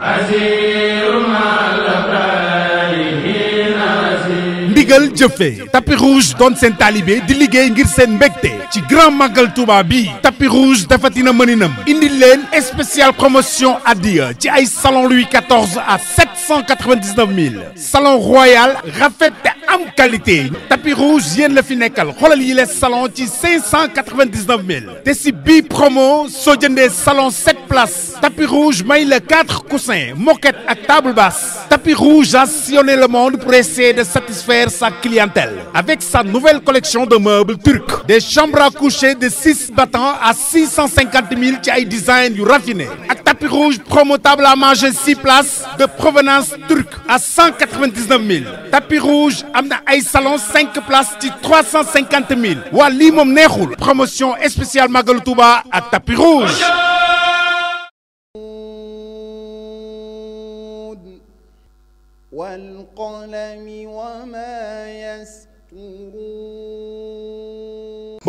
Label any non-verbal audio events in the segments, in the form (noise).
aziz ndigal jëfee tapis rouge doon seen taalibe di liggéey ngir seen mbégte ci grand màggal Touba bi tapis rouge dafatina mëninam indi leen spécial promotion addiya ci ay salon Louis XIV à salon royal rafet te am qualité rouge yéen la fi nekkal xoolal yi salon ci 599 000 te si bii promo soo jëndee salon 7 places tapis rouge may la 4 coussins moquette ak table basse tapis rouge a sillonné le monde pour essayer de satisfaire sa clientèle avec sa nouvelle collection de meubles turcs des chambres à coucher de six battants à six cent cinquante mille ci ay design yu raffiné ak tapis rouge promo table à manger six places de provenance turque à cent quatre-vingt-dix-neuf mille tapis rouge am na ay salon cinq places ci trois cent cinquante mille waa lii moom neexul promotion spéciale Magalu Touba ak tapis rouge. والقلم وما يسترون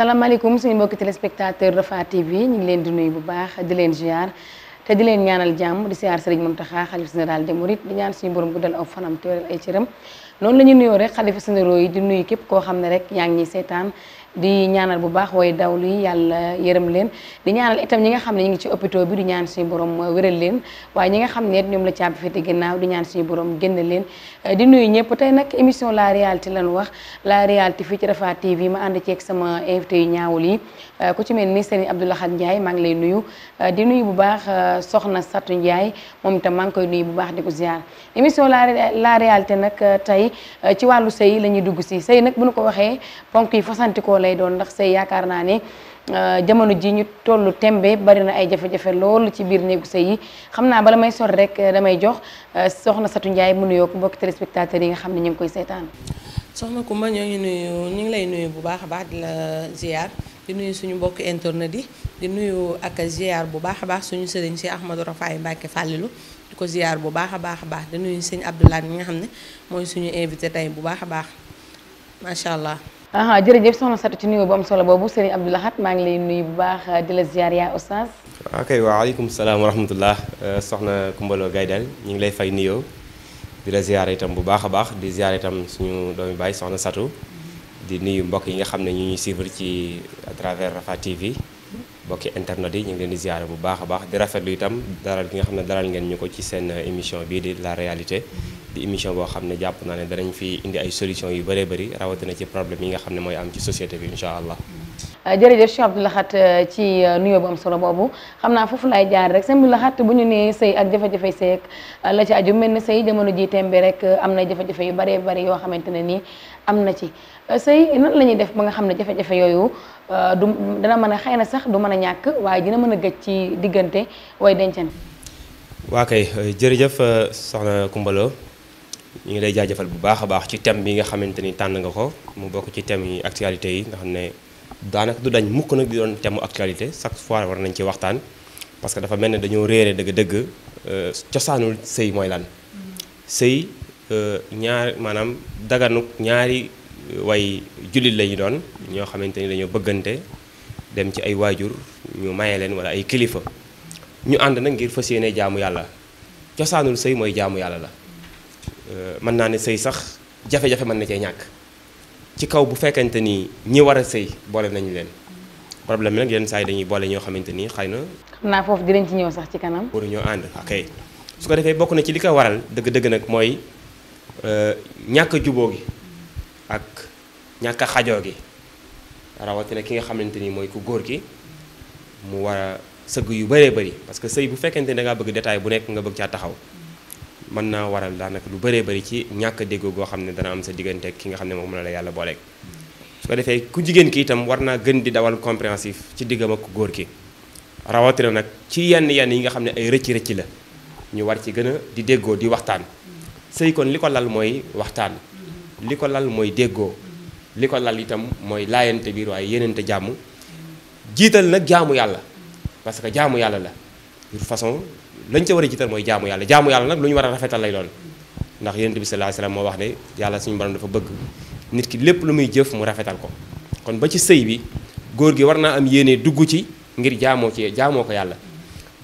salaamaaleykum suñu mbokki téléspectateur Rafah TV ñu leen di nuyu bu baax di leen ziar te di leen ñaanal jàmm di ziar Serigne Mountakha xalifa général des Mourides di ñaan suñu borom guddal aw fanam te wéral ay cëram noonu la ñu nuyoo rek xalifa généraux yi di nuyu képp koo xam ne rek yaa ngi ñuy seetaan di ñaanal bu baax way daw li yàlla yërëm leen di ñaanal itam ñi nga xam ne ñu ngi ci hôpital bi di ñaan suñu borom uh, wéral leen waaye ñi nga xam ne ñoom la caabi féete ginnaaw di ñaan suñu borom génn leen uh, di nuyu ñëpp tey nag émission la réalité lañ wax la fii ci Rafah TV ma ànd ceeg sama invité yu ñaawul yi uh, ku ci mel ni Serigne Abdou Lahad Ndiaye maa ngi lay nuyu di nuyu bu baax soxna Satou Ndiaye moom itam maa ngi koy bu baax di ko ziar émission la la nag tey ci wàllu sëy la dugg si sëy nag bu ñu ko waxee ponk yi fasantikoo lay doon ndax sëy yaakaar naa ne euh, jamono ji ñu tollu tembe bari na ay jafe-jafe loolu ci biir néegu sëy yi xam naa bala may sor rek euh, damay jox euh, soxna Satu Njaay mu nuyoo ko mbokki téléspectateurs yi nga xam ne ñu ngi koy seetaan. soxna Kumba ñoo ngi nuyu ñu ngi lay nuyu bu baax a baax di la ziar nuyu suñu mbokki internet yi di nuyu ak ziar bu baax a baax suñu sëriñ si Ahmadou Rafaay Mbàkke Fàllilu di ko ziar bu baax a baax a baax di nuyu sëñ Abdoulaye mi nga xam ne mooy suñu invité tey bu baax a baax macha allah. ah jërëjëf soxna Satou ci nuyoo bu am solo boobu Serigne Abdou Lahad maa ngi lay nuyu bu baax euh, di la ziar yaa oustaz. waaw kay waaleykum salaam wa rahmatullah euh, soxna Kumbalo Gaydel ñu ngi lay fay nuyoo di la ziar itam bu baax a baax di ziar itam suñu doomi baay soxna Satou. di nuyu mbokk yi nga xam ne ñu ñuy suivre ci à travers Rafah TV mbokki internet yi ñu ngi leen di ziar bu baax a baax di rafetlu itam dalal gi nga xam ne dalal ngeen ñu ko ci seen euh, émission bii di la réalité. di émission boo xam ne jàpp naa ne danañ fi indi ay solution yu bëree bëri rawatina ci problème yi nga xam ne mooy am ci société bi incha allah. Euh, jërëjëf Cheikh Abdou euh, ci euh, nuyoo bu solo boobu xam naa foofu laay jaar rek Cheikh Abdou Lahat bu ñu nee sëy ak jafe-jafe la ci aju mel ni sëy jamono ji tembe rek am na jafe yu bëree bëri yoo xamante ne nii am na ci sëy nan la def ba nga xam ne jafe-jafe yooyu du dana mën a xëy na sax du mën a ñàkk waaye dina mën a gëj ci diggante way dencan. waa kay jërëjëf soxna ñu ngi lay jaajëfal bu baax a baax ci thème bi nga xamante ni tànn nga ko mu bokk ci thème yi actualité yi nga xam ne daanaka du dañ mukk nag di doon thème actualité chaque fois war nañ ci waxtaan parce que dafa mel ne dañoo réere dëgg-dëgg euh, cosaanul sëy mooy lan sëy euh, ñaar maanaam daganuk ñaari euh, way jullit lañu doon ñoo xamante ni dañoo bëggante dem ci ay waajur ñu maye leen wala ay kilifa ñu ànd nag ngir fas yéene jaamu yàlla cosaanul sëy mooy jaamu yàlla la Euh, mën naa ne sëy sax jafe-jafe mën na cee ñàkk ci kaw bu fekkente ni ñi war a sëy boole nañu leen problème bi nag yenn saa yi dañuy boole ñoo xamante ni xay na. xam naa foofu dinañ ci ñëw sax ci kanam. pour ñoo ànd ok su ko defee bokk na ci li ko waral dëgg-dëgg nag mooy euh, ñàkk juboo gi ak ñàkk xajoo gi rawatina ki nga xamante ni mooy ku góor gi mu war a sëgg yu bëree bari parce que sëy bu fekkente ni da bëgg détail bu nekk nga bëgg caa taxaw. mën naa waral daanaka lu bëree bëri ci ñàkk a déggoo goo xam ne dana am sa diggante ak ki nga xam ne moom la la yàlla booleeg su ko defee ku jigéen ki itam war naa gën di dawal compréhensif ci diggam ak góor gi rawatina nag ci yenn yenn yi nga xam ne ay rëcc rëcc la ñu war ci gën a di déggoo di waxtaan sëy kon li ko lal mooy waxtaan li ko lal mooy déggoo li ko lal itam mooy laayante biir waaye yenente jàmm jiital nag jaamu yàlla parce que jaamu yàlla la lañ ca war a jiital mooy jaamu yàlla jaamu yàlla nag lu ñu war a rafetal lay doon ndax yonent bi sallallahu alayhi wasallam moo wax ne yàlla suñu borom dafa bëgg nit ki lépp lu muy jëf mu rafetal ko kon ba ci sëy bi góor gi war naa am yéene dugg ci ngir jaamoo ci jaamoo ko yàlla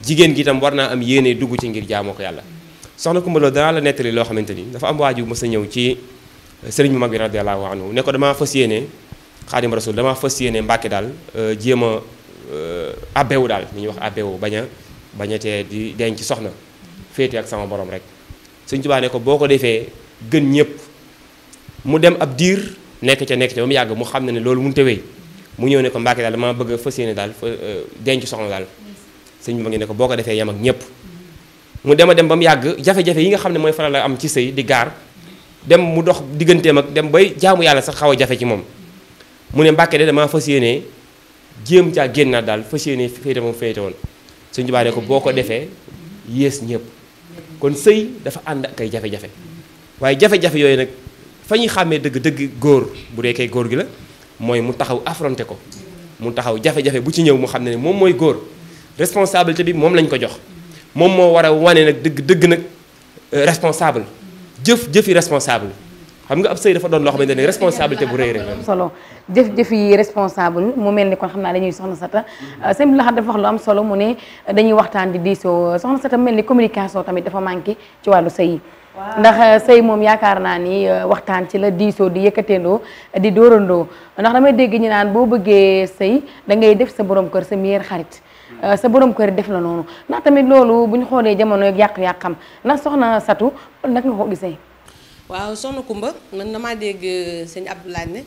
jigéen gi itam war naa am yéene dugg ci ngir jaamoo ko yàlla soxna Kumba Lo danaa la nettali loo xamante ni dafa am waaju mës a ñëw ci sëriñ bu mag bi radiallahu anhu ne ko damaa fas yéene xaadim rasul damaa fas yéene mbàkke daal euh, jéem a euh, abbewu daal ni ñuy wax abbewu bañ a bañatee di denc soxna féete ak sama borom rek Sëñ Tuubaa ne ko boo ko defee gën ñëpp mu dem ab diir nekk ca nekk ca ba mu yàgg mu xam ne ne loolu mu tewee mu ñëw ne ko Mbàkke daal dama bëgg a fas yéene daal euh, denc soxna daal sëñ ma ngi ne boo ko defee yem ak ñëpp mu dem a dem ba mu yàgg jafe yi nga xam ne mooy faral la am ci sëy di gaar dem mu dox digganteem ak dem bay jaamu yàlla sax xaw jafe ci moom mu ne Mbàkke de damaa fas yéene jéem caa génnaat daal fas yéene féete moom féete woon Sëñ Tuubaa ne ko boo ko defee yées ñëpp kon sëy dafa ànd ak ay jafe-jafe waaye jafe-jafe yooyu nag fa ñuy xàmmee dëgg-dëgg góor bu dee góor gi la mooy mu taxaw affronté ko mu taxaw jafe-jafe bu ci ñëw mu xam ne moom mooy góor responsabilité bi moom lañ ko jox moom moo war a wane nag dëgg dëgg nag euh, responsable jëf jëfi responsable xam nga ab sëy dafa doon loo xamante ne responsabilité bu rëy rëy solo jëf-jëf yi responsable mu mel ni kon xam naa dañuy soxna sata euh, sëñ bi laxat dafa wax lu am solo mu ne dañuy waxtaan di diisoo soxna sata mel ni communication tamit dafa manqué ci wàllu sëy yi ndax euh, sëy moom yaakaar naa ni euh, waxtaan ci la diisoo di yëkkateendoo di doorandoo ndax damay dégg ñu naan boo bëggee sëy da ngay def sa borom kër sa meilleur xarit sa borom kër def la noonu ndax tamit loolu bu ñu xoolee jamono yàqu-yàqam ndax soxna satu nag nga ko gisee waaw soxna Kumba man damaa dégg euh, sëñ Abdoulaye ne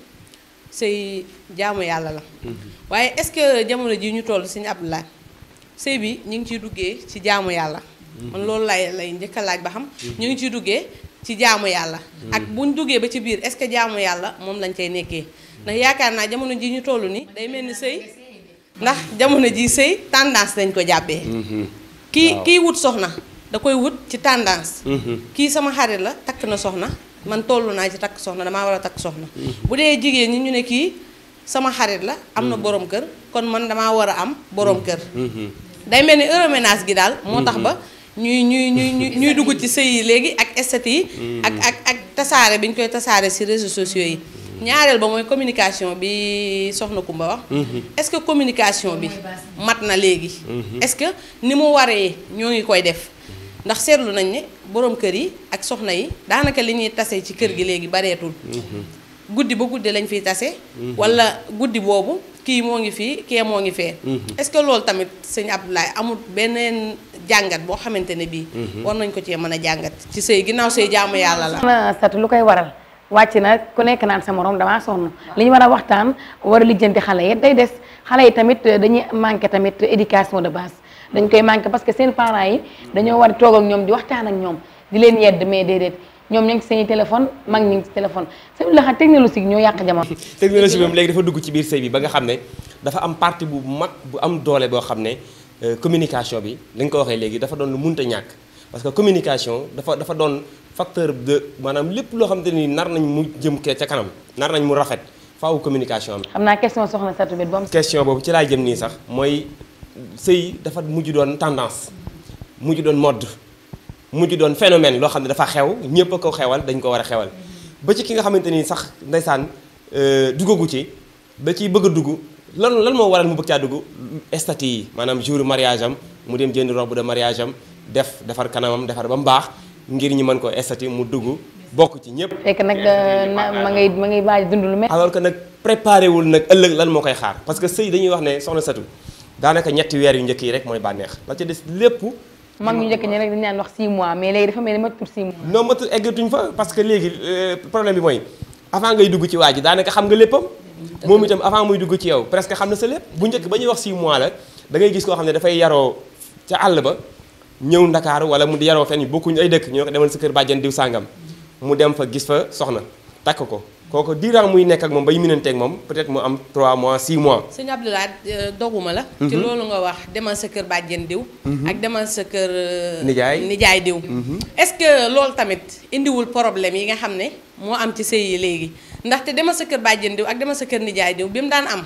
sëy jaamu yàlla la. Mhm. waaye est-ce que jamono ji ñu toll sëñ Abdoulaye sëy bi ñu ngi ciy duggee ci jaamu yàlla. Mhm. man loolu lay lay njëkk a laaj ba xam. Mhm. ñu ngi ciy duggee ci jaamu yàlla. ak buñ duggee ba ci biir est-ce que jaamu yàlla moom lañ cay nekkee ndax yaakaar naa jamono ji ñu toll ni day mel ni sëy ndax jamono ji sëy tendance lañ ko jàppee. kii kii wut soxna. da koy wut ci tendance. Mhm. kii sama xarit la takk na soxna man toll naa ci takk soxna damaa war a takk soxna. bu dee jigéen ñi ñu ne kii sama xarit la am na mhm. borom kër kon man damaa war a am borom kër. Mhm. day mel ni euroménage gi daal. moo tax ba ñuy ñuy ñuy ñuy dugg ci sëy yi léegi ak esthétique yi. ak ak ak tasaare bi ñu koy tasaare si réseau sociaux yi. ñaareel ba mooy communication bi soxna Kumba wax. est-ce que communication bi mat na léegi. est-ce que ni mu waree ñoo ngi koy def. ndax seetlu nañ ni borom kër yi ak soxna yi daanaka li ñuy tase ci kër gi léegi bareetul mhm. guddi ba guddi lañ fiy tase mhm. wala guddi boobu kii moo ngi fii kee moo ngi fee mhm. est-ce que loolu tamit sëñ Abdoulaye amul beneen jàngat boo xamante ne bii war nañ ko cee mën a jàngat ci sëy ginnaaw sëy jaamu yàlla la sat lu koy waral wàcc na ku nekk naan sa morom damaa sonn li ñu war a waxtaan war a lijjanti xale yi day des xale yi tamit dañuy manqué tamit éducation de base dañ koy manqué parce que seen parents yi dañoo war a toog ak ñoom di waxtaan ak ñoom di leen yedd mais déedéet ñoom ñu ngi seen i téléphone mag ñu ngi ci téléphone la xam ñoo yàq jamono. (laughs) technologie bi moom dugg biir sëy bi ne dafa am partie bu mag bu am doole boo xam ne euh, communication bi li ko waxee léegi dafa doon lu munta ñàkk parce que communication dafa dafa doon facteur de maanaam lépp loo xamante ni nar nañ mu jëm ca kanam nar nañ mu rafet faaw communication am. xam naa question soxna Satou bu am. boobu ci laa jëm nii sax mooy. sëy dafa mujj doon tendance mujj doon mode mujj doon phénomène loo xam ne dafa xew ñëpp a ko xewal dañ ko war a xewal ba ci ki nga xamante ni sax ndeysaan euh, duggagu ci ba ci bëgg a dugg lan lan moo waral mu bëgg caa dugg estati yi maanaam jour mariage am mu dem jënd robe de mariage am def defar kanamam defar ba mu baax ngir ñu mën ko estati mu dugg bokk ci ñëpp. fekk nag euh, ma ngay ma ngay baaj dund lu mel. alors que nag préparé wul nag ëllëg lan moo koy xaar parce que sëy dañuy wax ne soxna Satou. daanaka ñetti weer yu njëkk yi rek mooy bànneex la ca des lépp. mag ñu njëkk ñi rek dañu naan wax 6 mois mais léegi dafa mel ni matul 6 fa parce que léegi euh, problème bi mooy avant ngay dugg ci waa ji daanaka xam nga léppam. moom itam avant muy dugg ci yow presque xam na sa lépp bu njëkk ba ñuy wax 6 mois la dangay gis koo xam ne dafay yaroo ca àll ba ñëw ndakaaru wala mu di yaroo fenn bokkuñ ay dëkk ñoo ko demal sa kër bàjjen diw sàngam mu dem fa gis fa soxna takk ko kooku diiraan muy nekk ak moom bay minanteeg moom peut-être mu am 3 mois 6 mois. sëñ Abdoulaye euh, doguma la. Mhm. ci loolu nga wax demal sa kër bàjjen diw. Mhm. ak demal sa kër. Euh, nijaay nijaay diw. Mhm. ce que loolu tamit indiwul problème yi nga xam ne moo am ci sëy léegi ndaxte demal sa kër bàjjen ak demal sa kër nijaay diw bi mu daan am.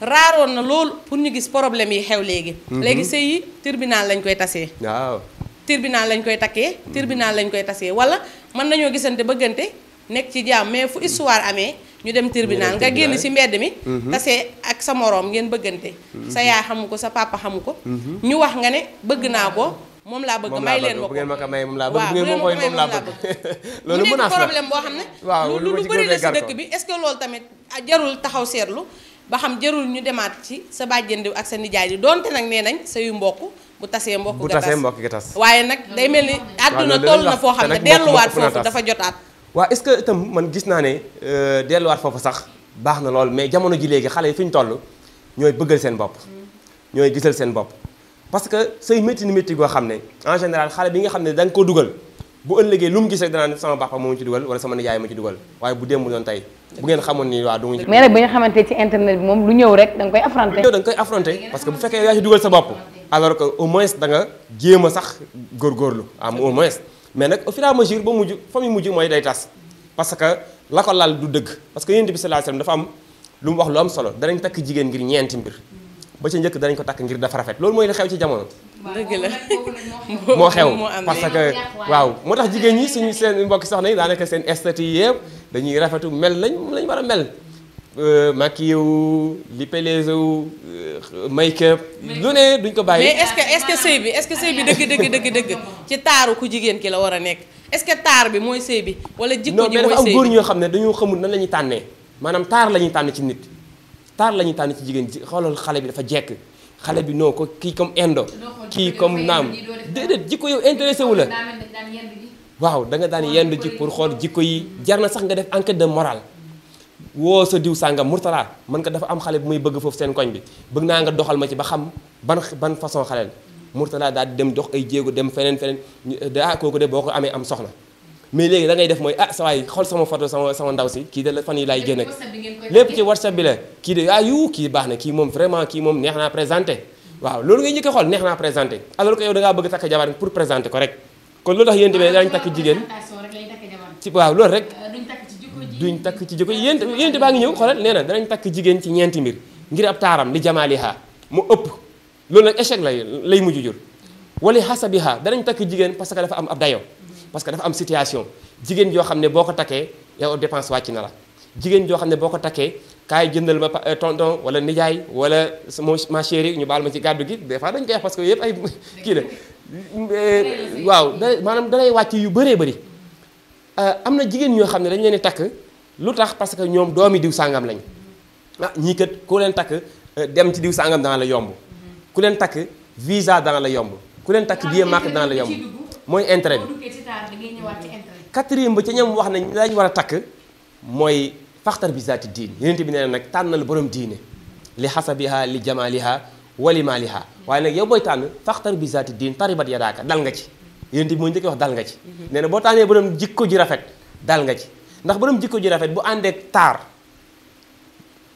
raaroon na loolu pour ñu gis problème yi xew léegi. léegi sëy yi tribunal lañ koy tasee. waaw tribunal lañ koy takkee. tribunal lañ koy tasee wala mën nañoo gisante bëggante. nekk ci jàmm mais fu histoire amee ñu dem tribunal nga génn ci mbedd mi mhm. tase ak sa moroom ngeen bëggante mhm. sa yaay xamu ko sa papa xamu ko mhm. ñu wax nga ne bëgg naa ko moom laa bëgg may leen ma ko bu ngeen ma may moom laa bëgg bu ngeen ma koy moom laa bëgg (laughs) boo xam ne lu lu bëri la ci dëkk bi est-ce que loolu tamit ah, jarul taxaw seetlu ba xam jarul ñu demaat ci sa bàjjëndi ak sa nijaay yi donte nag ne nañ sa yu mbokk bu tasee mbokk ga tas waaye nag day mel ni àdduna toll na foo xam jotaat waa est-ce que itam man gis naa ne euh, delluwaat foofu sax baax na lool mais jamono ji léegi xale yi fi ñu toll ñooy bëggal seen bopp ñooy gisal seen bopp parce que say métti ni métti goo xam ne en général xale bi nga xam ne da nga ko dugal bu ëllëgee lu mu gis rek danaa ne sama papa moom ci dugal wala sama nijaay ma ci dugal waaye bu démb doon tey bu ngeen xamoon ni waa du mu mais nag ba nga xamante ci internet bi moom lu ñëw rek da nga koy affronter da nga koy parce que bu fekkee yaa ci dugal sa bopp alors que au nga jéem a sax góorgóorlu am au moins mais nag au fur et à mesure ba mujj fa muy mujj mooy day tas parce que la ko laal du dëgg parce que yonent bi sallallahu alayhi wasallam dafa am lu mu wax lu am solo danañ takk jigéen ngir ñeenti mbir ba ca njëkk danañ ko takk ngir dafa rafet loolu mooy li xew ci jamono. dëgg la moo xew parce que waaw moo tax jigéen ñi suñu seen mbokki soxna yi daanaka seen esthétique yëpp dañuy rafetu mel lañ lañ war a mel. Euh, maquillé wu lipelese wu euh, make up. lu ne duñ ko bàyyi. mais est-ce que est-ce sëy bi est-ce que sëy bi dëgg dëgg dëgg dëgg ci taaru ku jigéen ki la war a nekk est-ce que taar bi mooy sëy bi. wala jikko ji mooy sëy ñoo xam ne dañoo xamul na la ñuy tànnee maanaam taar lañuy ñuy tànn ci nit taar la ñuy tànn ci jigéen ji xoolal xale bi dafa jekk xale bi non ko kii comme indo kii comme naam déedéet jikko yow intéressé wu la waaw da nga daan yendu ji pour xool jikko yi jar na sax nga def enquête de morale woo sa diw sàngam Mourtala man ko dafa am xale bu muy bëgg foofu seen koñ bi bëgg naa nga doxal ma ci ba xam ban ban façon xale la Mourtala daal di dem dox ay jéego dem feneen feneen daa ah, kooku de boo ko amee am soxna mais léegi da ngay def mooy ah sa waay xool sama photo sama sama ndaw si kii de la yi laay génn ak bi la kii de ah, yu kii baax na kii moom vraiment kii moom neex naa présenté waaw loolu ngay njëkk a neex naa présenté alors que yow da ngaa bëgg takk jabar pour présenté ko rek kon loolu tax yéen tamit dañ takk jigéen ci waaw loolu rek euh, duñ takk ci jikko yéen yéen baa ngi ñëw xoolal nee na danañ takk jigéen ci ñeenti mbir ngir ab taaram li jamaaliha mu ëpp loolu nag échec lay lay mujj jur wala hasabiha danañ takk jigéen parce que dafa am ab dayo parce que dafa am situation jigéen joo xam ne boo ko takkee yow dépense wàcc na la jigéen joo xam ne boo ko takkee kaay jëndal ma euh, tonton wala nijaay wala ma chérie ñu baal ma ci gàddu gi des dañ koy wax parce que yëpp ay (laughs) kii la waaw maanaam dalay wàcc yu bëree bëri euh, am na jigéen ñoo xam ne dañ leen di takk lu tax parce que ñoom doomi diw sàngam lañ ah ñii kat ku leen takk euh, dem ci diw sàngam dana la yomb ku leen takk visa dana la yomb ku leen takk billet marque dana la yomb mooy intérêt bi quatrième ba ca ñoom wax nañ lañ war a takk mooy faxtar bi zaati diin yeneen bi nee na nag tànnal borom diine li xasabiha li jamaaliha wali maaliha waaye nag yow booy tànn faxtar bi zaati diin taribat ya daaka dal nga ci yeneen bi mooy njëkk wax dal nga ci mhm. nee na boo tànnee borom jikko ji rafet dal nga ci ndax borom jikko ji rafet bu àndeek taar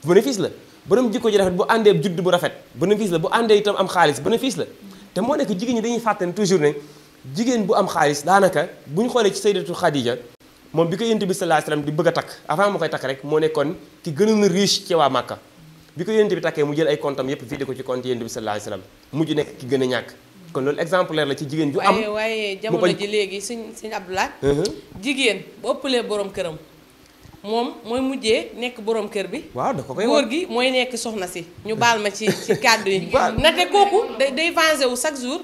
bénéfice la borom jikko ji rafet bu àndee judd bu rafet bénéfice la bu àndee itam am xaalis bénéfice la te moo nekk jigéen ñi dañuy fàttali toujours ne jigéen bu am xaalis daanaka bu ñu xoolee ci saydatu Xadija moom bi ko yonent bi sallallahu alayhi di bëgg a takk avant ma koy takk rek moo nekkoon ki gënoon a riche ci waa Màkka bi ko yonent bi takkee mu jël ay comptam yépp vidé ko ci compte yonent bi sallallahu mujj nekk ki gën a ñàkk kon loolu exemplaire la ci jigéen ju am waaye waaye jamono ji léegi suñ suñ Abdoulaye uh-huh. jigéen bu ëppalee borom këram moom mooy mujjee nekk borom kër bi waaw da ko koy góor gi mooy nekk soxna si ñu baal ma ci ci kàddu yi (laughs) na te kooku day day wu chaque jour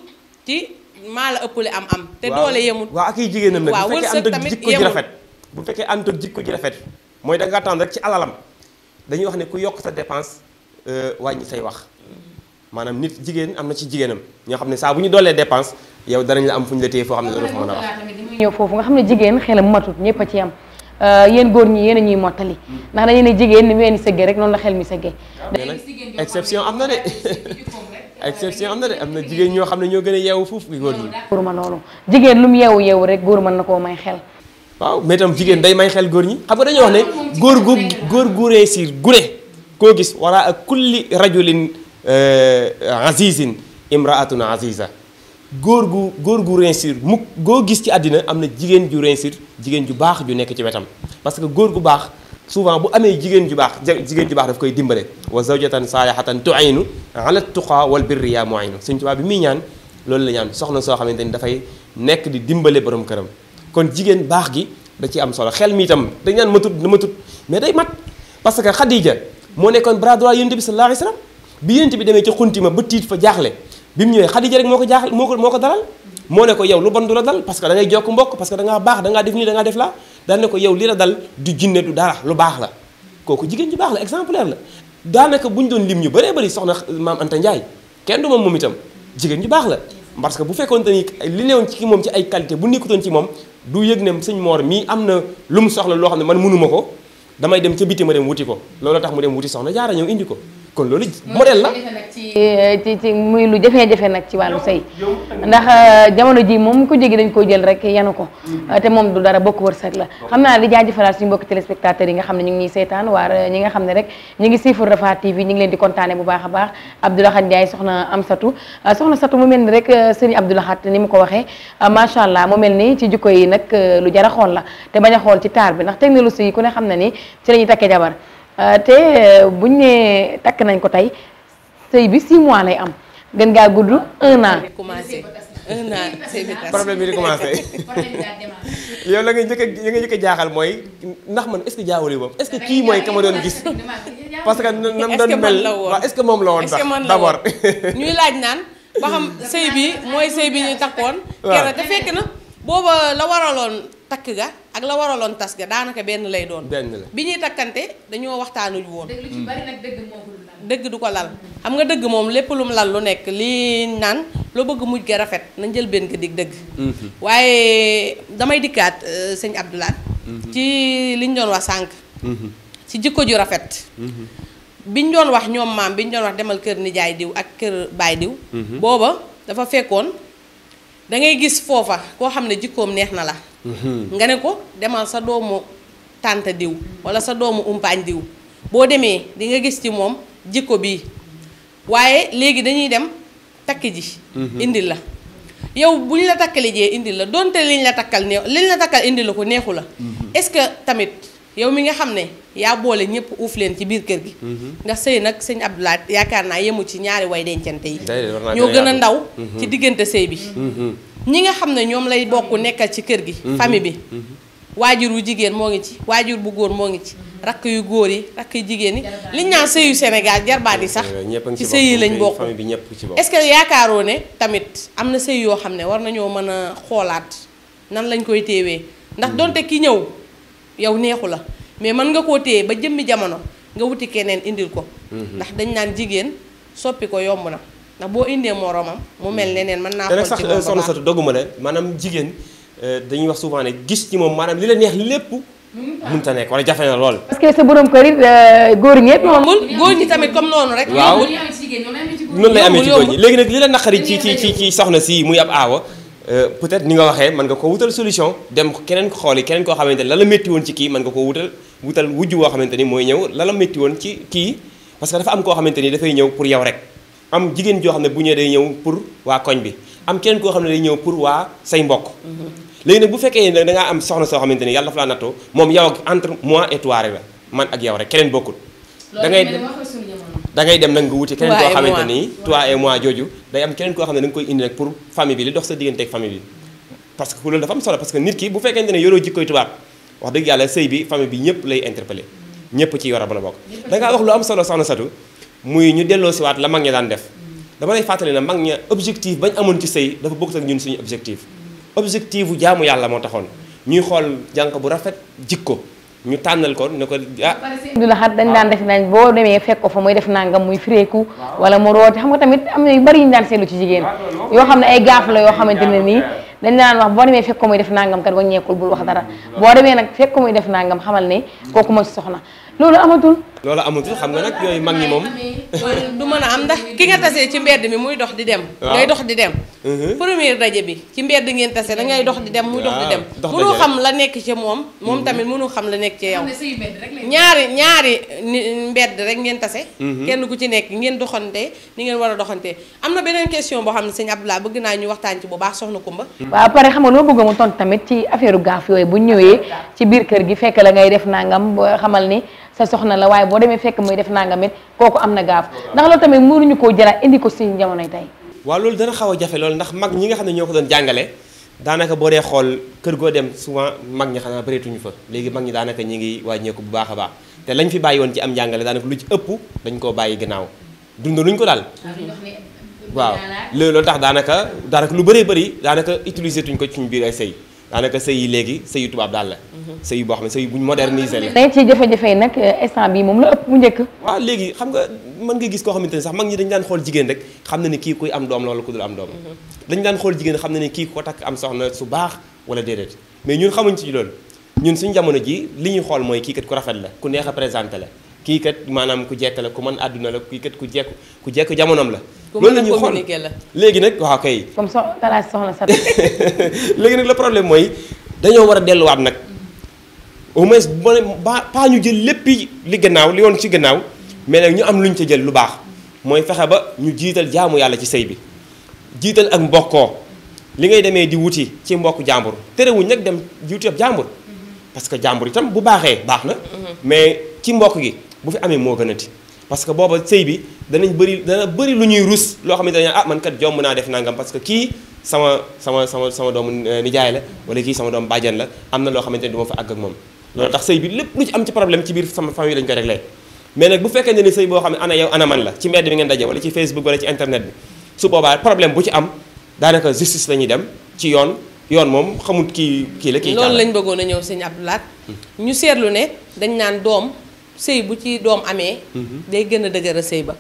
ci maa la ëppale am am te doole yemul waaw ak yi jigéenam nag bu fekkee ànd ak jikko ji rafet bu fekkee ànd ak jikko ji rafet mooy da nga rek ci alalam dañuy wax ne ku yokk sa dépense euh, wàññi say wax maanaam nit jigéen am na ci jigéenam ñoo xam ne saa bu ñu doolee dépense yow danañ la am fu ñu la téye foo xam ne doo fa mën a xam ne jigéen xelam matut ñëpp a ci am euh, ñuy mottali ndax dañu jigéen ni mu leen di sëggee rek noonu la xel mi sëggee exception am na de (laughs) exception na am na jigéen ñoo xam ne ñoo gën a yeewu foofu góor ñi góor ma loolu jigéen lu mu yeewu yeewu rek góor mën na koo may xel waaw mais itam jigéen day may xel góor ñi xam nga dañoo wax góor gu góor gu réussir gune koo gis wara ak kulli rajulin Euh, azizin imraatun aziza góor gu góor gu réussir mukk goo gis ci àddina am na jigéen ju réussir jigéen ju baax ju nekk ci wetam parce que góor gu baax souvent bu amee jigéen ju baax jigéen ju baax daf koy dimbale wa zawjatan saalihatan tuaynu ala tuqa wal birri yaa muaynu Sëñ Tuubaa bi muy ñaan loolu la ñaan soxna soo xamante ni dafay nekk di dimbale boroom këram kon jigéen baax gi da ci am solo xel mi itam dañ naan matut mais day mat parce que Khadija moo nekkoon bras droit Yonent bi sallallahu bi yént bi demee ca xuntima mu ñëwee xadija rek moo ko moo moo ko dalal ne ko yow lu que da ngay jokk mbokk parce que da ngaa baax da ngaa def nii da ngaa def laa daan ne ko yow la dal du jinne du baax la kooku jigéen ju baax la exemplaire doon lim ñu bëree bëri soxna maam Anta Ndiaye kenn du moom moom itam baax la parce que bu fekkoonte ni li newoon ci moom ci ay qualité bu nekkutoon ci moom du yëg ne sëñ Mor mii am na lu mu soxla loo xam ne man mënuma ko damay dem ca biti ma dem wuti ko loolu tax mu dem wuti soxna jaara ñëw indi ko kon loolu modèle la ci ci muy lu jafe-jafe nag ci wàllu sëy ndax euh, jamono ji moom ko jege dañ koy jël rek yanu ko mm. te moom du dara bokk wërsëg la xam naa di jaajëfalaat suñu mbokki téléspectateurs yi nga xam ne ñu ngi ñuy seetaan waa euh, nga xam ne rek ñu ngi siifur Rafah TV ñu ngi leen di kontaane bu baax a baax Abdoulahat Ndiaye soxna am satu euh, soxna satu mu mel ni rek sëriñ Abdoulahat ni mu ko waxee macha allah mu mel ni ci jikko yi nag lu jar a xool la te bañ a xool ci taar bi ndax technologie yi ku ne xam na ni ci la ñuy Euh, te euh, buñ nee takk nañ ko tey sëy bi 6 mois lay am gën ngaa gudd 1 an. commencé 1 an sëy bi problème bi di commencé. (laughs) yow la nga njëkk la nga jaaxal mooy ndax man est-ce que jaawale boobu que kii mooy ka ma doon gis. parce que nam doon mel waaw est-ce que moom la woon sax d'abord. ñuy laaj naan ba xam sëy bi mooy sëy bi ñu takkoon. waaw keroog te fekk na booba la waraloon takk ga. ak la waraloon tas ga daanaka benn lay doon. bi ñuy takkante dañoo waxtaanuñu woon. dëgg ko lal. du ko lal xam nga dëgg moom lépp lu mu lal lu nekk lii naan loo bëgg mujj ga rafet na njël benn ga dig dëgg. Mhm. waaye damay dikkaat euh, sëñ Abdoulaye. Mhm. ci liñ doon wax sànq. Mhm. ci jikko ju rafet. biñ doon wax ñoom maam biñ doon wax demal kër nijaay diw ak kër baay diw. booba dafa fekkoon da ngay gis foofa koo xam ne jikkoom neex na la. Mm-hmm. nga ne ko demal sa doomu tànt diw wala sa doomu umpaañ diw boo demee di nga gis ci moom jikko bi waaye léegi dañuy dem takk ji mm-hmm. indi la yow bu ñu la takkali jee indil la donte liñ la takkal neex liñ la takkal indil la ko neexu la mm-hmm. est-ce que tamit yow mi nga xam ne yaa boole ñëpp uuf leen ci biir kër gi nga sëy nag sëñ Abdoulaye yaakaar naa yemu ci ñaari way dencante yi ñoo gën a ndaw ci diggante sëy bi ñi nga xam ne ñoom lay bokk nekkal ci kër gi mhm. famille bi mhm. waajur wu jigéen moo ngi ci waajur bu góor moo ngi ci rakk yu góor yi rakk yu jigéen yi liñ naan sëyu Sénégal jarbaat yi sax eh, ci sëy yi lañ bokk est-ce que yaakaaroo ne tamit am na sëy yoo xam ne war nañoo mën a xoolaat nan lañ koy téewee ndax mhm. donte ki ñëw yow neexu la mais mën nga koo téye ba jëmmi jamono nga wuti keneen indil ko ndax dañ naan jigéen soppi ko yomb na ndax boo indee moroomam mu mel hmm. ne neen mën naa xool ci sax soxna Satu dogguma la maanaam jigéen euh, dañuy wax souvent ne gis ci moom maanaam li la neex lépp mënut a jafe na lool. parce que sa borom kër it euh, góor ñëpp noonu. góor ñi tamit comme noonu rek. waaw noonu lay amee ci góor ñi léegi nag li la naqari ci ci ci ci soxna si muy ab aawa. Euh, peut-être ni nga waxee mën nga ko wutal solution dem keneen ko xooli keneen koo xamante ni la la métti ci kii mën nga ko wutal wutal wujj xamante ni mooy ñëw la la métti woon ci kii parce que dafa am koo xamante ni dafay ñëw pour yow rek am jigéen joo xam ne bu ñëwee day ñëw pour waa koñ bi am keneen koo xam ne day ñëw pour waa say mbokk mm-hmm. léegi nag bu fekkee ne da ngaa am soxna soo xamante ni yàlla dafa laa nattoo moom yow ak entre moi et toi la man ak yow rek keneen bokkul da ngay da ngay dem nag nga wuti keneen koo xamante ni jooju day am keneen koo xam ne da koy indi rek pour famille bi li dox sa diggante ak famille bi parce que loolu dafa am solo parce que nit ki bu fekkente ne yoroo jikkoy tubaab wax dëgg yàlla sëy bi famille bi ñëpp lay interpellé ñëpp ci yora ba la bokk da wax lu am solo soxna Satu muy ñu delloo si waat la mag ña daan def dama lay fàttali na mag ña objectif bañ amoon ci sëy dafa bokk ak ñun suñu objectif objectif bu jaamu yàlla moo taxoon ñuy xool jànq bu rafet jikko ñu tànnal ko ne ko ah du la xat dañ daan def nañ boo demee fekk ko fa muy def nangam muy fireeku wala mu rooti xam tamit am na yu bari daan seetlu ci jigéen yoo xam ne ay gaaf la yoo xamante ne nii dañ daan wax boo demee fekk ko def nangam kat waññeekul bul wax dara boo demee nag fekk ko muy def nangam xamal ne kooku ma soxna loolu amatul loolu amatul xam nga nag yooyu mag ñi moom. du mën a am ndax ki nga tasee ci mbedd mi muy dox di dem. ngay dox di dem. Mhm. première daje bi ci mbedd ngeen tase da ngay dox di dem muy dox di dem. mënu xam la nekk ci moom. moom mhm. tamit mënu xam la nekk ci yow. ñaari ñaari mbedd rek ngeen tase. Mhm. kenn ku ci nekk ngeen doxante ni ngeen war a doxante am na beneen question boo xam ne sëñ Abdoulaye bëgg naa ñu waxtaan ci bu baax soxna Kumba. waaw pare xam nga lu ma bëgg mu tontu tamit ci affaire gaaf yooyu bu ñëwee ci biir kër gi fekk la ngay def nangam xamal ni sa soxna la waaye boo demee fekk muy def nangamit kooku am na gaaf ndax loolu tamit mënuñu koo jëlaat indi ko si jamonoy tey waaw loolu dana xaw a jafe loolu ndax mag ñi xam ne ñoo ko doon jàngale daanaka boo dee xool kër goo dem souvent mag ñi xanaa bëreetuñu fa léegi mag ñi daanaka ñu ngi wàññeeku bu baax a baax te lañ fi bàyyi woon ci am jàngale daanaka lu ci dañ koo bàyyi gannaaw dund luñ ko daal waaw loolu loolu tax daanaka daanaka lu bëree bëri daanaka utiliser tuñ ko ci suñ biir ay sëy daanaka sëy yi léegi sëyu tubaab daal la sëy boo xam ne sëy buñ modernisé la tey ci jafe-jafe yi nag eh, instant bi moom la ëpp mu njëkk waaw léegi xam nga mën nga gis koo xamante ne sax mag ñi dañu daan xool jigéen rek xam na ni kii kuy am doom loolu ku dul am doom mm-hmm. dañu daan xool jigéen xam na ni kii ko takk am soxna su baax wala déedéet mais ñun xamuñ ci lool ñun suñ jamono ji li ñuy xool mooy kii kat ku rafet la ku neex a présenté la kii kat maanaam ku jekk la ku mën àdduna la kii kat ku jekk ku jekk jamonoom la. loolu la ñuy xool léegi nag waaw kay. comme so talaas soxna sa léegi nag la problème mooy dañoo war a delluwaat nag au moins ba pas ñu jël léppi li gannaaw li woon ci gannaaw mais nag ñu am luñ ca jël lu baax mooy fexe ba ñu jiital jaamu yàlla ci sëy bi jiital ak mbokkoo li ngay demee di wuti ci mbokk jàmbur terewuñ nag dem di wuti ab jàmbur mm-hmm. parce que jàmbur itam bu baaxee baax na mm-hmm. mais ci mbokk gi. bu fi amee moo gën a ti parce que booba sëy bi danañ bëri dana bëri lu ñuy rus loo xam ne dañu ah man kat jomb naa def nangam parce que kii sama sama sama sama doomu eh, nijaay wala kii sama doomu bàjjan la am na loo xamante ne du ma moom loolu tax sëy bi lépp lu ci am ci problème ci biir sama famille lañ ko réglé mais nag bu xam ne ana yow ana man la ci mbedd bi ngeen su boobaa problème bu ci am daanaka justice la ñuy dem ci yoon yoon moom xamut kii kii la kii loolu lañ bëggoon a ñëw sëñ Abdou laat ñu seetlu ne dañ naan doom sëy bu ci doom amee. Mhm. day gën a dëgëra sëy ba.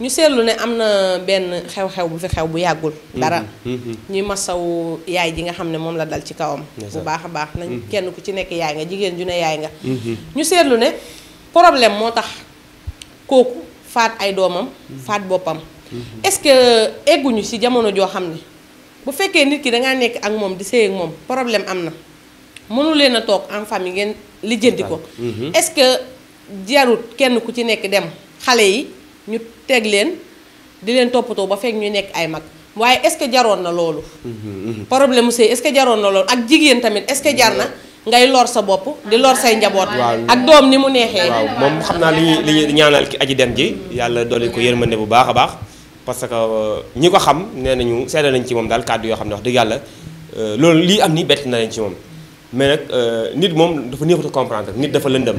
ñu seetlu ne am na benn xew-xew bu fi xew bu yàggul. Mhm. dara mhm. ñuy masawu yaay ji nga xam ne moom la dal ci kawam. bu baax a baax nañ kenn ku ci nekk yaay nga jigéen ju ne yaay nga. ñu seetlu ne problème moo tax kooku faat ay doomam faat boppam. est-ce que egguñu ci jamono joo xam ne bu fekkee nit ki dangaa nekk ak moom di sëy ak moom problème am na mënu leen a toog en famille ngeen lijjanti ko. est jarut kenn ku ci nekk dem xale yi ñu teg leen di leen toppatoo ba fekk ñu nekk ay mag waaye est-ce que jaroon na loolu. Mm-hmm. problème mu sëy est que jaroon na loolu ak jigéen tamit est-ce que jar na. ngay lor sa bopp di lor say njaboot. ak doom ni mu neexee. waaw moom xam naa li ñuy li ñaanal ki aji dem ji yàlla doole ko yërmande bu baax a baax parce que euh, ñi ko xam nee nañu seede nañ ci moom daal kàddu yoo xam ne wax dëgg yàlla euh, loolu lii am ni bett na lañ ci moom mais nag euh, nit moom dafa néexut a comprendre nit dafa lëndëm.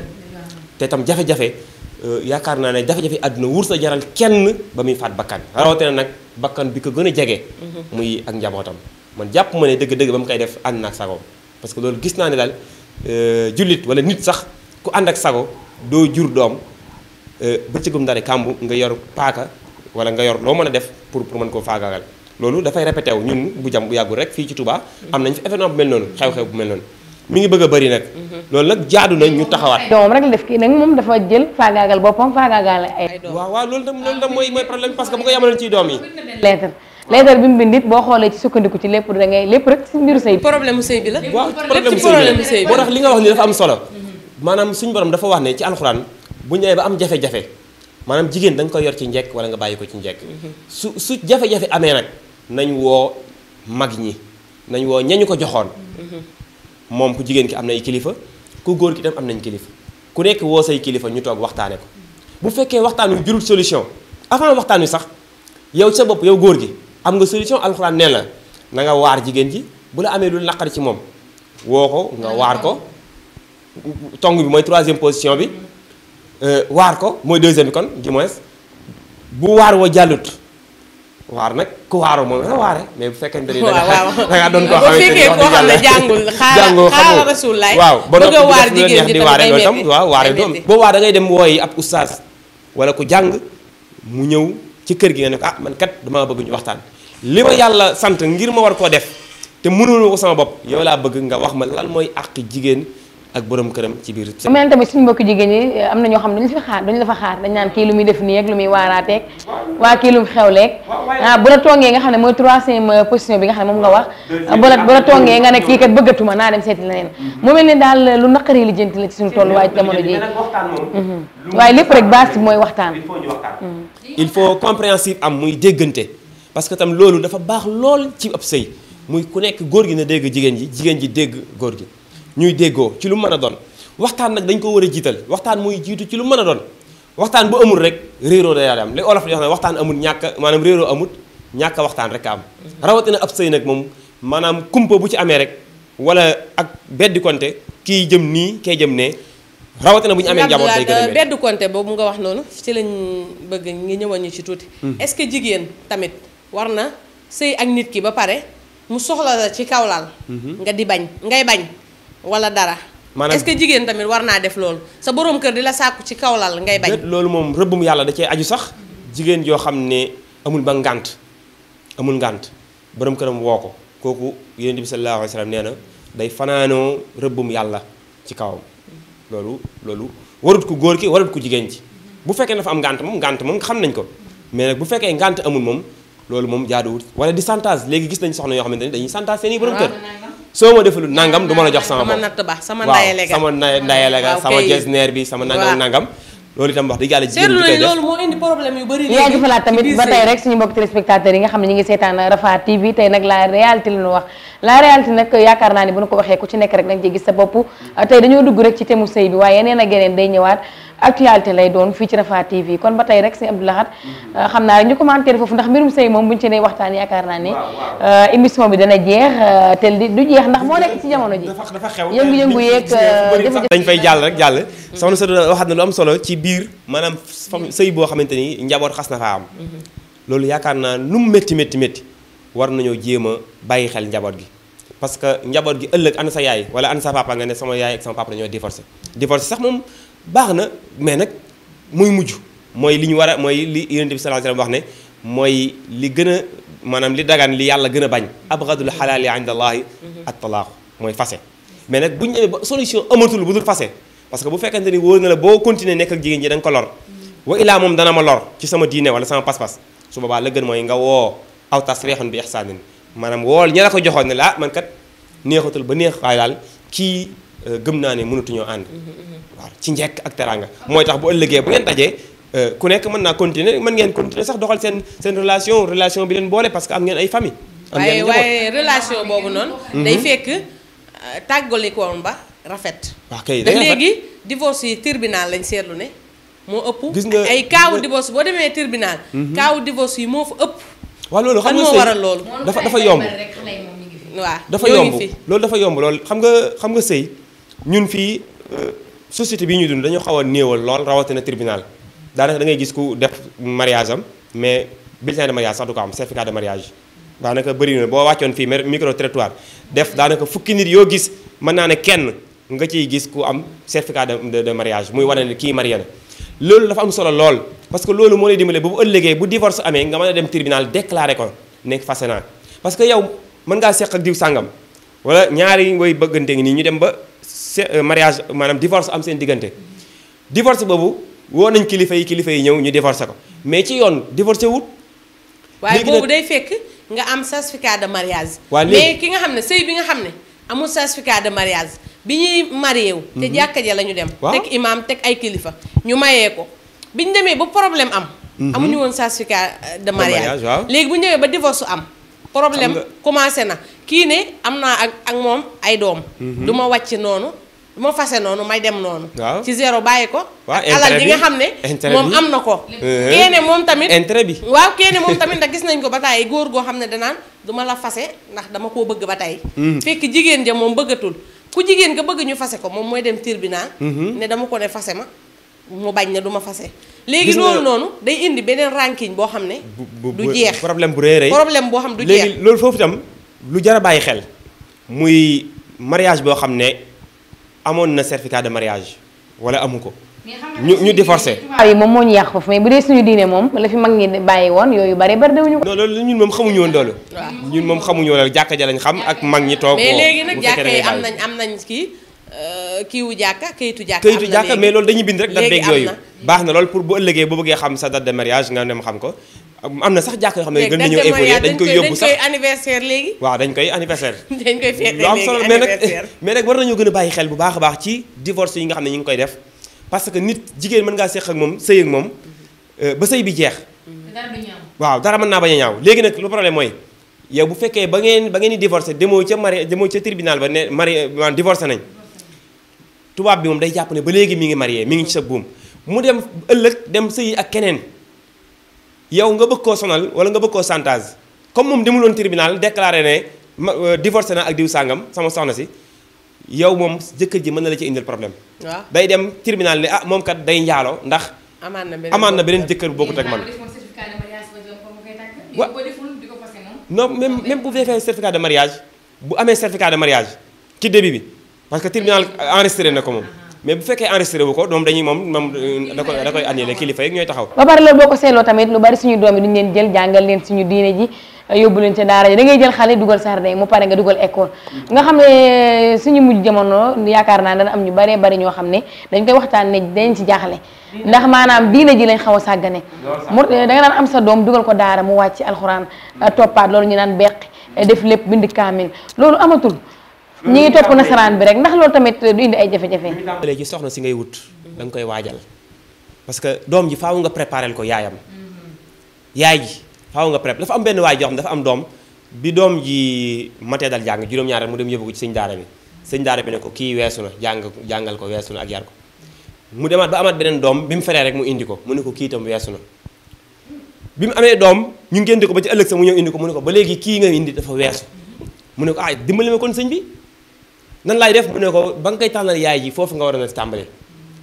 te tam jafe-jafe euh, yaakaar naa ne jafe-jafe àdduna wur sa jaral kenn ba muy faat bakkan rawatina nag bakkan bi ko gën a jege. Mhm. muy ak njabootam man jàpp ma ne dëgg-dëgg ba mu koy def ànd na ak sago parce que loolu gis naa ne daal euh, jullit wala nit sax ku ànd ak sago jur doom euh, bëccëgum ndare kàmb nga yor paaka wala nga yor loo mën a def pour pour mën koo faagaagal loolu dafay répété wu ñun bu jam bu yàggul rek fii ci Touba. Mhm. am nañ fi événement bu mel noonu xew-xew bu mel noonu. mi ngi bëgg a bëri nag. loolu nag jaadu nañ ñu taxawaat. doomam rek la def kii nag moom dafa jël faagaagal boppam faagaagal ay. waaw waaw loolu tam loolu tam mooy mooy problème parce que bu ko yemaloon ci doom yi. lettre lettre bi mu bind it boo xoolee ci sukkandiku ci lépp da ngay lépp rek ci mbiru sëy bi. la. waaw problème mu bi moo tax li nga wax ni dafa am solo. maanaam suñu borom dafa wax ne ci alxuraan bu ñëwee ba am jafe-jafe maanaam jigéen da nga yor ci njekk wala nga bàyyi ko ci njekk su su jafe-jafe amee nag nañ woo mag ñi nañ woo ñañu ko joxoon moom ku jigéen ki am na nay kilifa ku góor gi tam am nañ kilifa ku nekk woo say kilifa ñu toog waxtaane ko bu fekkee waxtaan wi jurul solution avant waxtaan wi sax yow sa bopp yow góor gi am nga solution alxuraan nee la na nga waar jigéen ji bu la amee lu naqari ci moom woo ko nga waar ko tong bi mooy troisième position bi euh, waar ko mooy deuxième bi kon du moins bu waar woo jàllut waar nag ku waaroo moom la waare mais bu fekkente ni (laughs) (laughs) da ngaa doon koo xam ne jàngul (laughs) jàngoo xamoo waaw ba noppi waar jigéen di waare loolu tam waaw waare doom boobaa da ngay dem wooyi ab oustaz wala ku jàng mu ñëw ci kër gi nga ne ko ah man kat dama bëgg ñu waxtaan li ma yàlla sant ngir ma war koo def te mënuloo ko sama bopp yow laa bëgg nga wax ma lan mooy àq jigéen ak boroom këram ci biir. mel ni tamit suñu mbokku jigéen ñi eh, am na ñoo xam dañu fi xaar dañu la fa xaar dañ naan kii lu muy def nii ak lu muy waaraateeg waa kii lu mu xewleeg ah bu la toongee nga xam ne mooy troisième euh, position bi nga xam ne moom nga wax bu la bu la toongee nga ne kii kat bëggatuma naa dem seeti leneen mhm. mu mel ni daal euh, lu naqaree lijjanti la ci suñu toll waaye jamono ji mhm. waaye lépp rek base bi mooy waxtaan il faut mhm. compréhensive am muy déggante parce que tam loolu dafa baax lool ci ab sëy muy ku nekk góor gi na dégg jigéen ji jigéen ji dégg góor gi ñuy déggoo ci lu mën a doon waxtaan nag dañ ko war a jiital waxtaan muy jiitu ci lu mën a doon waxtaan bu amul rek réeroo day daal am li olof di wax ne waxtaan amul ñàkk maanaam réeroo amut ñàkk waxtaan rek am rawatina ab sëy nag moom maanaam kumpa bu ci amee rek wala ak bedd konte kii jëm nii kay jëm ne rawatina bu ñu amee njaboot day a beddi konte boobu nga wax noonu ci lañ bëgg ngi ñëwoon ñu ci tuuti hmm. est-ce que jigéen tamit war na sëy ak nit ki ba pare mu soxla la ci laal hmm. nga di bañ ngay bañ wala dara. maanaam est jigéen tamit war naa def loolu sa boroom kër di la sàkku ci kaw lal ngay bañ. loolu moom rëbbum yàlla da cee aju sax jigéen joo xam ne amul ba ngànt amul ngànt boroom këram woo ko kooku yonent bi sallallahu alayhi wa nee na day fanaanoo rëbbum yàlla ci kawam loolu loolu warut ko góor ki warut ko jigéen ji bu fekkee dafa am ngànt moom ngànt moom xam nañ ko mais nag bu fekkee ngànt amul moom loolu moom jaaduwut wala di chantage léegi gis nañ soxna yoo xamante ne dañuy chantage seen i boroom kër ah, soo ma defalul nangam du ma la jox sama bopp sama ndayale ga sama jesneer bi sama nangam nangam loolu itam wax dëgg yàlla jigéen ñi koy def loolu moo indi problème yu bëri jaajëfalaat tamit ba rek suñu yi nga xam ne ñu ngi seetaan Rafah TV tey nag la réalité la ñu wax la réalité nag yaakaar naa ni bu ñu ko waxee ku ci nekk rek dañ ci sa bopp tey dañoo dugg rek ci temu sëy bi waaye yeneen ak yeneen day ñëwaat actualité lay doon fii ci Rafah TV kon ba tey rek sëñ Abdou Lahad euh, xam naa rek ñu commentaire foofu ndax mbirum sëy moom buñ ci ne waxtaan yaakaar naa ne euh, émission bi dana jeex euh, te du jeex ndax moo nekk ci jamono ji dafa xew yëngu-yëngu yeeg jafe-jafe dañ fay jàll na lu am solo ci biir sëy boo xamante ni njaboot xas na faa am mm-hmm. loolu yaakaar naa lu mu métti métti war nañoo jéem a bàyyi xel njaboot gi parce que njaboot gi ëllëg ana sa yaay wala ana sa papa nga ne sama yaay ak sama papa dañoo divorcé divorcé sax moom baax na mais nag muy mujj mooy li ñu war a mooy li yonent bi sallallahu alayhi wax ne mooy li gën a maanaam li dagaan li yàlla gën a bañ abgadul xalaali inda allahi attalaaxu mooy fase mais nag bu ñu demee ba solution amatul bu dul fase parce que bu fekkante ni wóor na la boo continuer nekk ak jigéen ji da nga ko lor wa ilaa moom dana ma lor ci sama diine wala sama pas-pas su boobaa la gën mooy nga woo aw tasrixun bi ixsaanin maanaam wool ña la ko joxoon ne la ah man kat neexatul ba neex waaye Euh, gëm naa ne mënatuñoo ànd waaw ci njekk ak teraanga mooy tax bu ëllëgee bu ngeen dajee euh, ku nekk mën naa continuer mën ngeen continuer sax doxal seen seen relation relation bi leen boole parce que am ngeen ay famille am ngeen waaye relation boobu noonu mhm. day fekk euh, tàggalikoon ba rafet waaw kay da léegi divorce yi tribunal lañ seetlu ne moo ëpp gis nga ay kaawu divorce boo demee tribunal mhm. kaawu divorce yi moo fa ëpp waaw loolu xam nga moo waral loolu dafa dafa yomb waaw dafa yomb loolu dafa yomb loolu xam nga xam nga sëy ñun fii euh, société bi ñu dund dañu xaw a néewal lool rawatina tribunal daanaka da ngay gis ku def mariage am mais bulletin de mariage sax du ko am certificat de mariage daanaka bëri na boo wàccoon fii micro trottoir def daanaka fukki nit yoo gis mën naa ne kenn nga ciy gis ku am certificat de mariage muy wane ne kii marié loolu dafa am solo lool parce que loolu moo lay dimbale bu ëllëgee bu divorce amee nga mën a dem tribunal déclaré ko nekk fase naa parce que yow mën ngaa seq sàngam nii ñu dem ba Euh, mariage maanaam divorce am seen diggante divorce boobu woo nañ kilifa yi kilifa yi ñëw ñu divorce ko mais ci yoon divorce wut. waaye boobu day fekk nga am certificat de mariage. waaw mais ki nga xam ne sëy bi nga xam ne amul certificat de mariage bi ñuy marié wu. te mhm. jàkka ja la ñu dem. teg imaam teg ay kilifa ñu mayee ko bi ñu demee ba problème am. Mhm. amuñu woon certificat euh, de mariage. léegi bu ñu demee ba divorce am. problème commencé na. kii ne am naa ak ak moom ay doom. Mhm. du wàcc noonu. du ma fase noonu may dem noonu. ci zéro bàyyi ko. waaw alal ji nga xam ne. moom am na ko. Mhm. keene moom tamit intérêt bi. waaw keene moom tamit ndax gis nañ ko ba tàyyi góor goo xam ne danaan du la fase ndax dama ko bëgg ba tey. Mhm. fekk jigéen ja moom bëggatul ku jigéen nga bëgg ñu fase ko moom mooy dem tribunal. ne dama ko ne fase ma mu bañ ne du ma fase. léegi loolu noonu day indi beneen ranking boo xam ne. du jeex problème bu rëy rëy. problème boo xam du jeex loolu foofu tam lu jar a bàyyi xel muy mariage boo xam ne amoon na certificat de mariage wala amu ko. ñu ñu divorcé. waaw yi moom moo ñu yàq foofu mais bu dee suñu diine moom la fi mag ñi bàyyi woon yooyu bare bare dawuñu ko. non loolu ñun moom xamuñu woon loolu. ñun moom xamuñu woon loolu jàkka ja lañ xam ak mag ñi toog. mais léegi nag jàkka yi nañ am nañ kii euh, kiiwu jàkka kayitu jàkka. kayitu jàkka mais loolu dañuy bind rek date yooyu. baax na loolu pour bu ëllëgee bu bëggee xam sa date de mariage nga dem xam ko am na sax jàkk yoo xam ne gën nañoo évoluer dañ koy yóbbu sax anniversaire léegi waaw dañ koy anniversaire (laughs) dañ koy fête lu am solo mais nag (laughs) mais nag war nañoo gën a bàyyi xel bu baax baax ci divorce yi nga xam ne ñu ngi koy def parce que nit jigéen mën ngaa séq ak moom sëy ak moom euh, ba sëy bi jeex waaw dara mën naa bañ ñaaw léegi nag lu problème mooy yow bu fekkee ba ngeen ba ngeen di divorcé demoo ca mari demoo ca tribunal ba ne mari maanaam divorcé nañ tubaab bi moom day jàpp ne ba léegi mi ngi marié mi ngi ci sa buum mu dem ëllëg dem sëyi ak keneen yow nga bëgg koo sonal wala nga bëgg koo chantage comme moom di loon tribunal déclaré ne ma euh, divorcé na ak diw sàngam sama soxna si yow moom jëkkër ji mën na la ci indil problème. waaw day dem tribunal ne ah moom kat day njaaloo ndax. amaan na beneen jëkkër bu bokkut ak man. wa non même même bu fekkee certificat de mariage bu amee certificat de mariage ci début bi parce que tribunal enregistré na ko moom. mais bu fekkee enregistré wu ko doom dañuy moom moom euh, da koy da kilifa yi ñooy taxaw. ba pare loolu boo ko seetloo tamit lu bari suñu doom yi duñu leen jël jàngal leen suñu diine ji euh, yóbbu leen ca daara ji da jël xale dugal sardin mu pare nga dugal école nga xam ne euh, suñu mujj jamono yaakaar naa dana am ñu baree bari ñoo xam ne dañ koy waxtaan ne dañ ci jaaxle ndax maanaam diine ji lañ xaw a sàggane mu danga nga am sa doom dugal ko daara mu wàcc alxuraan toppaat loolu ñu naan beq def lépp bind kaamil loolu amatul ñi ngi topp nasaraan bi rek ndax loolu tamit du indi ay jafe-jafe léegi soxna si ngay wut da koy waajal parce que doom ji faaw nga préparel ko yaayam mm-hmm. yaay ji faaw nga prép dafa am benn waay joo xam am doom bi doom ji matee dal jàng juróom-ñaar mu dem yóbbu ko ci sëñ daara bi sëñ daara bi ne ko kii weesu na jàng ko weesu ak yar mu demaat ba amaat beneen doom bi mu feree rek mu indi ko mu ne ko kii itam weesu na bi mu amee doom ñu ngénte ko ba ci ëllëg sa mu ñëw indi ko mu ne ko ba léegi kii ngay indi dafa weesu mu ne ko ah dimbali ma kon sëñ bi nan laay def mu ne ko ba nga koy tànnal yaay ji foofu nga war a tàmbale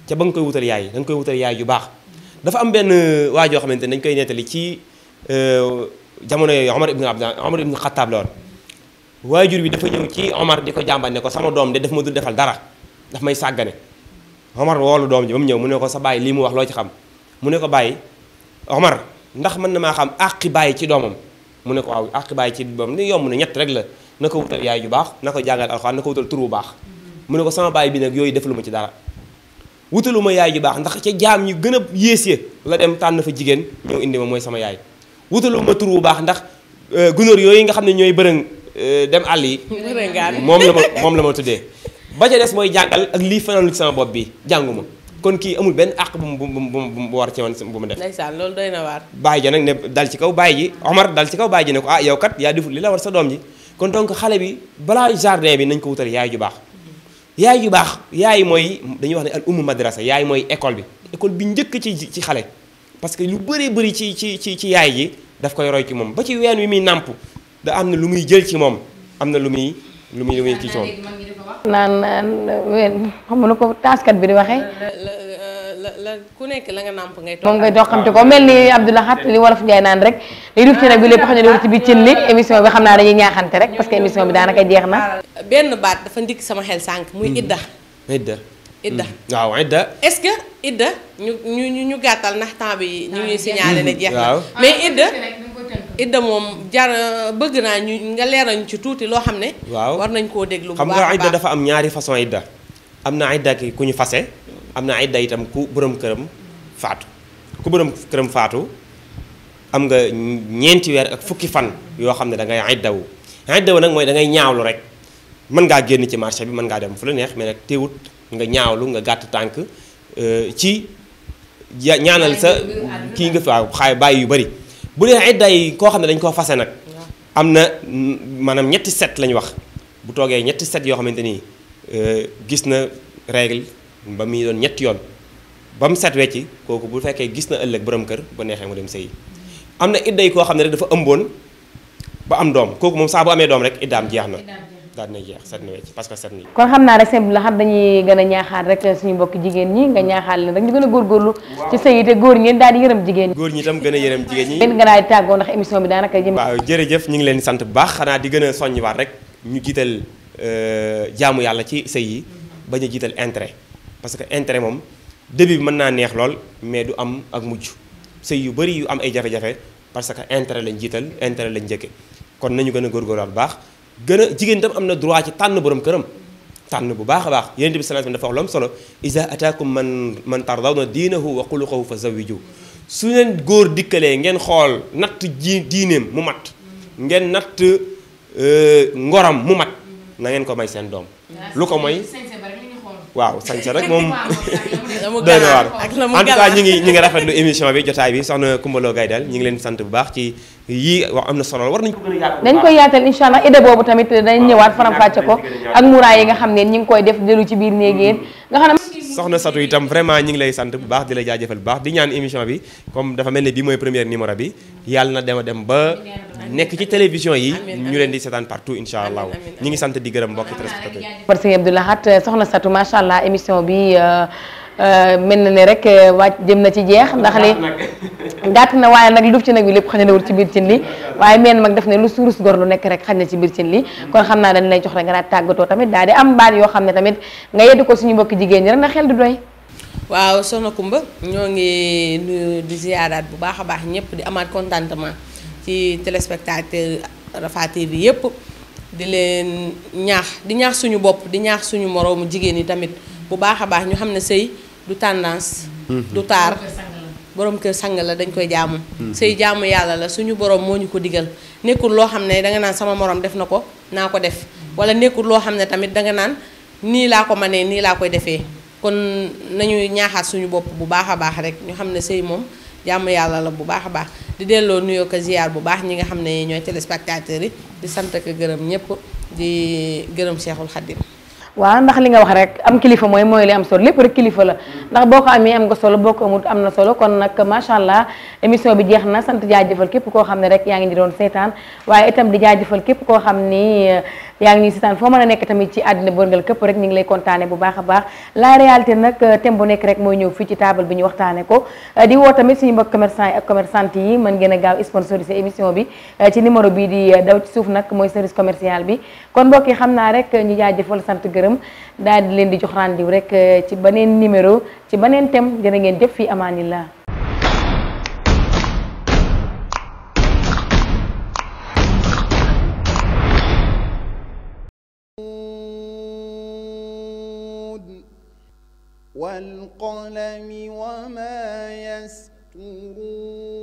ca ba nga koy wutal yaay da koy wutal yaay ju dafa am benn euh, waa joo xamante ne dañ koy nettali ci euh, jamono yooyu Omar ibn Abdal Omar ibn Xattaab la woon waajur bi dafa ñëw ci Omar di ko jàmbal ne ko sama doom de daf ma dul defal dara daf may sàggane Omar woolu doom ji ba mu ñëw mu ne ko sa bàyyi lii mu wax loo ci xam mu ne ko bàyyi Omar ndax mën na maa xam àqi bàyyi ci doomam mu ne ko waaw àqi bàyyi ci doomam ni yomb na ñett rek la na ko wutal yaay ju baax na ko jàngal alxuraan na ko wutal tur bu baax mu ne ko sama baay bi nag yooyu def ma ci dara wutalu ma yaay ju baax ndax ca jaam yi gën a yées ya la dem fa jigéen ñëw indi ma mooy sama yaay wutalu ma tur bu baax ndax euh, gunóor yooyu nga xam ne ñooy bërëng euh, dem àll yi moom la ma moom la ma tuddee ba ca des mooy ak lii fanaanu ci sama bopp bi ma kon kii amul benn àq bu mu bu mu bu war mu def. ndeysaan loolu doy na waar. bàyyi ja nag ne dal ci kaw bàyyi ji Omar dal ci kaw bàyyi ji ne ko ah yow kat yaa deful li la war sa doom ji kon donc xale bi balaa jardin bi nañ ko wutal yaay ju baax yaay ju baax yaay mooy dañuy wax ne al ummu madrasa yaay mooy école bi école bi njëkk ci ci xale parce que lu bëree bëri ci ci ci ci yaay ji daf koy roy ci moom ba ci ween wi muy nàmp da am na lu muy jël ci moom am na lu muy lu muy lu kii ci moom naan naan ween xam ko taaskat bi di waxee la la ku nekk la nga nàmp ngay. moom ngay doxante ko ah. mel ni Abdoulaye Xat li wolof Njaay naan rek. li rëb ci nag bi lépp xam ne li ci bi cin li ah. émission bi xam naa dañuy ñaaxante rek parce que émission bi daanaka jeex na. Ah. benn baat dafa ndikk sama xel sànq. muy hmm. Idda. Idda. Idda hmm. waaw Idda. est-ce que Idda ñu ñu ñu gàttal ndax temps bi ñu ngi signalé ne jeex na. mais Idda. Idda moom jar bëgg naa ñu nga leerañ ci tuuti loo xam ne. waaw war nañ koo déglu bu baax a baax xam nga Idda dafa am ñaari façon Idda. am na Idda ki ku ñu fase am na idda itam ku borom këram faatu ku borom këram faatu am nga ñeenti weer ak fukki fan yoo xam ne da ngay iddawu iddawu nag mooy da ngay ñaawlu rek mën ngaa génn ci marché bi mën ngaa dem fu la neex mais nag wut nga ñaawlu nga gàtt tànk euh, ci ñaanal sa kii nga faaw xaay bàyyi yu bari bu dee idda yi koo xam ne dañ koo fase nag am na maanaam ñetti set lañ wax bu toogee ñetti set yoo xamante nii euh, gis na règle ba muy doon ñetti yoon ba mu set wecci kooku bu fekkee gis na ëllëg borom kër ba neexee mu dem sëyi am na idday koo xam ne rek dafa ëmboon ba am doom kooku moom saa bu amee doom rek iddaam jeex na daal na jeex set na wecc parce que set na kon xam naa rek simple la xam dañuy gën a ñaaxaat rek suñu mbokk jigéen ñi nga ñaaxaat leen rek ñu gën a góorgóorlu ci sëy te góor ñi daal di yërëm jigéen ñi góor ñi itam gën a yërëm jigéen ñi ngeen gën a tàggoo ndax émission bi daanaka jëm waaw jërëjëf ñu ngi leen sant bu baax xanaa di gën a soññiwaat rek ñu jiital euh, jaamu yàlla ci sëy yi bañ a jiital intérêt parce que intérêt moom début bi mën naa neex lool mais du am ak mujj sëy yu bëri yu am ay jafe-jafe parce que intérêt lañ jiital intérêt lañ njëkke kon nañu gën a góorgóorluwaat bu baax gën a jigéen tam am na droit ci tànn borom këram tànn bu baax a baax Yonent bi sallallahu alayhi wasallam dafa wax lu am solo iza ataakum man man wax diinahu wa xuluqahu fa zawiju su leen góor dikkalee ngeen xool natt jii diineem mu mat ngeen natt euh, ngoram mu mat na ngeen ko may seen doom waaw sañse rek moom doy na waar en tout ngi ñi ngi émission bi jotaay bi soxna Kumbaloo Gaydel ñi ngi leen sant bu baax ci yii wax am na solo war nañ ko gën a yaatal dañ koy yaatal incha allah boobu tamit dañ ñëwaat faram-fàcce ko ak muraay yi nga xam ne ñi ngi koy def dellu ci biir néeg mm-hmm. nga xam ne soxna Satou itam vraiment ñi ngi lay sant bu baax di la jaajëfal bu baax di ñaan émission bi comme dafa mel ne bii mooy première numéro bi yàlla na dema dem ba nekk ci télévision yi ñu leen di seetaan partout incha allah ñi ngi sant di gërëm mbokki téléspectateurs yi. Serigne soxna Satou macha allah émission bi. Euh, Euh, mel na ne rek euh, wàcc jëm na ci jeex ndax li (laughs) gàtt na waaye nag luf ci nag bi lépp xañ na wër ci biir cin li waaye meen mag def ne lu suurus gor lu nekk rek xañ na ci biir cin li kon xam naa dañ nay jox rek nga daal tàggatoo tamit daal di am baat yoo xam ne tamit nga yeddu ko suñu mbokki jigéen ñi rek na xel du doy waaw soxna Kumba ñoo ngi nuyu di ziyaaraat bu baax a baax ñëpp di amaat contentement ci téléspectateur Rafah TV yëpp di leen ñaax di ñaax suñu bopp di ñaax suñu moroomu jigéen yi tamit bu baax a baax ñu xam ne sëy du tendance du taar borom kër sang la dañ koy jaamu sëy jaamu yàlla la suñu borom moo ñu ko digal nekkul loo xam ne danga naan sama moroom def na ko naa ko def wala nekkul loo xam ne tamit danga naan nii laa ko mënee nii laa koy defee kon nañuy ñaaxaat suñu bopp bu baax a baax rek ñu xam ne sëy moom jàmm yàlla la bu baax a baax di delloo nuyoo ko ziar bu baax ñi nga xam ne ñooy téléspectateurs yi di sant ak gërëm ñëpp di gërëm Cheikhul Khadim waaw ndax li nga wax rek am kilifa mooy mooy li am solo lépp rek kilifa la ndax boo ko amee am nga solo boo ko amut am na solo kon nag macha allah émission bi jeex na sant jaajëfal képp koo xam ne rek yaa ngi di doon seetaan waaye itam di jaajëfal képp koo xam nii yaa ngi ñuy seetaan foo mën a nekk tamit ci àddina bërngal këpp rek ñu ngi lay kontaane bu baax a baax la réalité nag thème bu nekk rek mooy ñëw fii ci table bi ñu waxtaane ko di woo tamit suñu mbokk commerçant yi ak commerçante yi mën ngeen a gaaw sponsoriser émission bi ci numéro bii di eh, daw ci suuf nag mooy service commercial bi kon mbokk yi xam naa rek ñu jaajëfal sant gërëm daal di leen di jox rendez-vous rek eh, ci beneen numéro ci beneen thème jërë ngeen jëf fii amaanillah والقلم وما يسطرون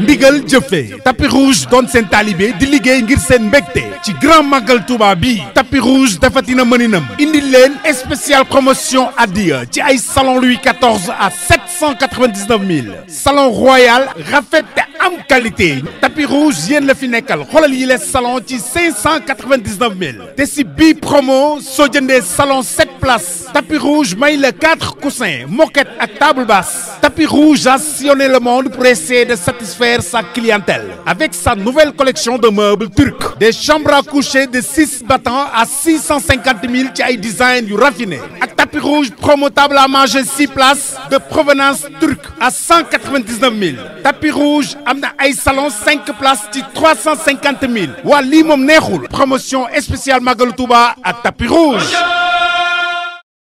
ndigal jëfe tapis rouge doon seen di liggéey ngir seen mbégte ci grand màggal Touba bi tapis rouge dafatina mëninam indi leen spécial promotion addiya ci ay salon Louis XIV à 799 000 salon royal rafet am qualité tapis rouge yéen la fi nekkal xoolal yi les salon ci cinq cent quatre-vingt-dix-neuf mille te si bii promo soo jëndee salon sept places tapis rouge may la quatre coussins moquette ak table basse tapis rouge a sillonné le monde pour essayer de satisfaire sa clientèle avec sa nouvelle collection de meubles turcs des chambres à coucher de six battants à six cent cinquante mille ci ay design yu raffiné tapis rouge promo table à manger six places de provenance turque à cent quatre vingt dix neuf mille tapis rouge am na ay salon cinq places ci trois cinquante mille waa lii moom neexul promotion spéciale Magalu Touba à tapis rouge.